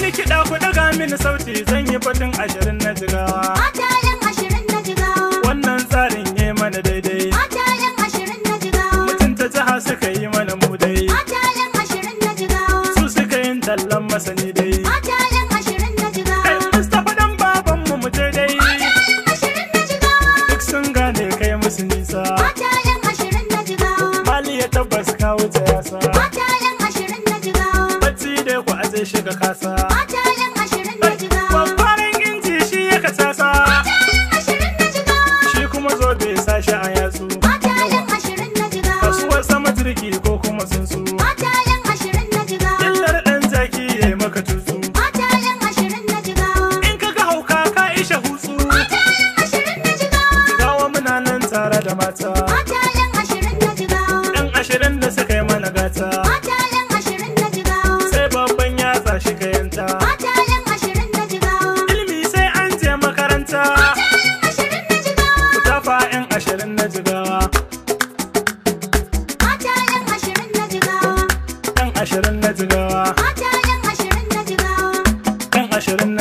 Ni kiɗa ku daga mini sauti zan yi faɗin ashirin na jigawa. Mata yan ashirin na jigawa. Wannan tsarin ya mana daidai. Mata yan ashirin na jigawa. Mutum ta jiha suka yi mana mu dai. Mata yan ashirin na jigawa. Su suka yin tallan masani.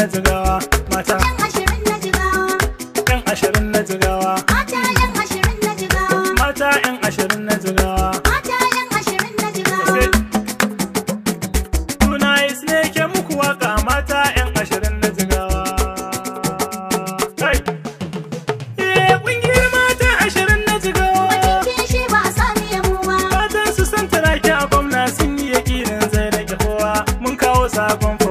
jigawa mata yan ashirin na jigawa mata yan ashirin na jigawa mata yan ashirin na jigawa mata yan ashirin na jigawa mata yan ashirin na jigawa eh, ba a sami ba su san taraki a gwamna sun yi kowa mun kawo sabon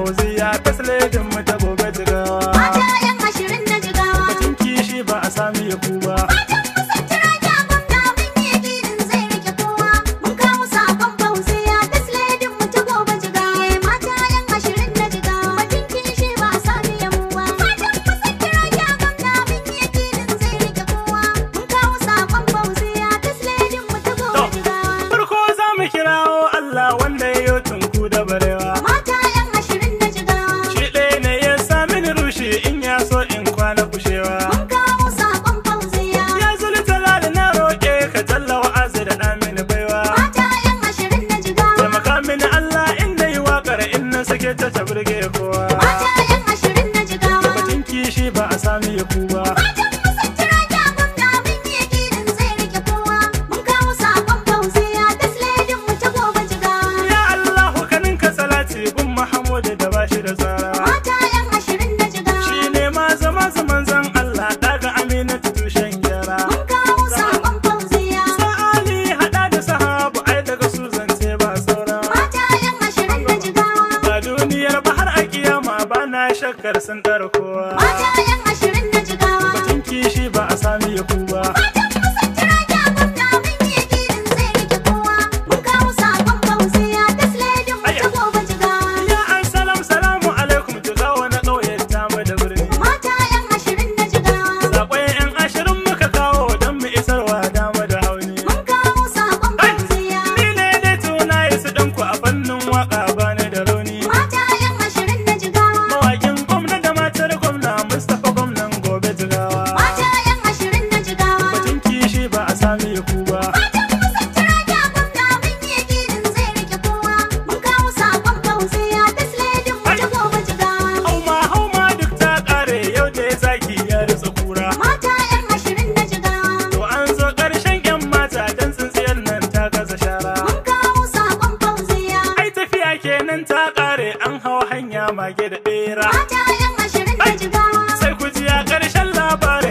me, ta ƙare an hau hanya mage da ɓera. Mata yan ashirin da Sai ku ji a ƙarshen labarin.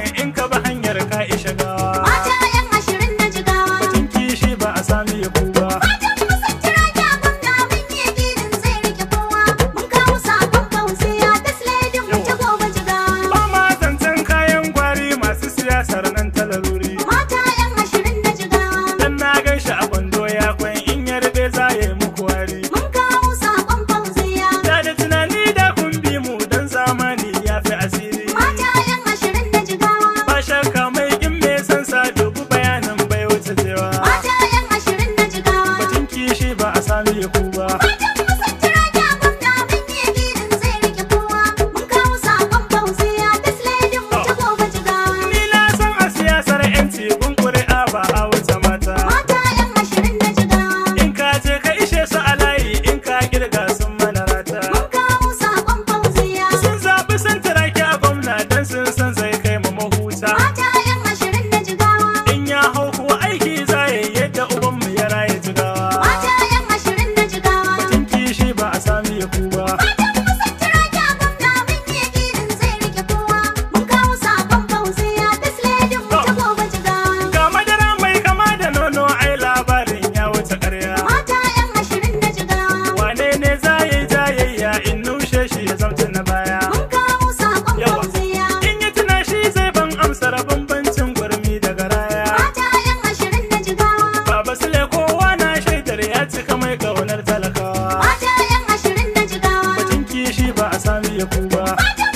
Bye.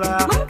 Mama.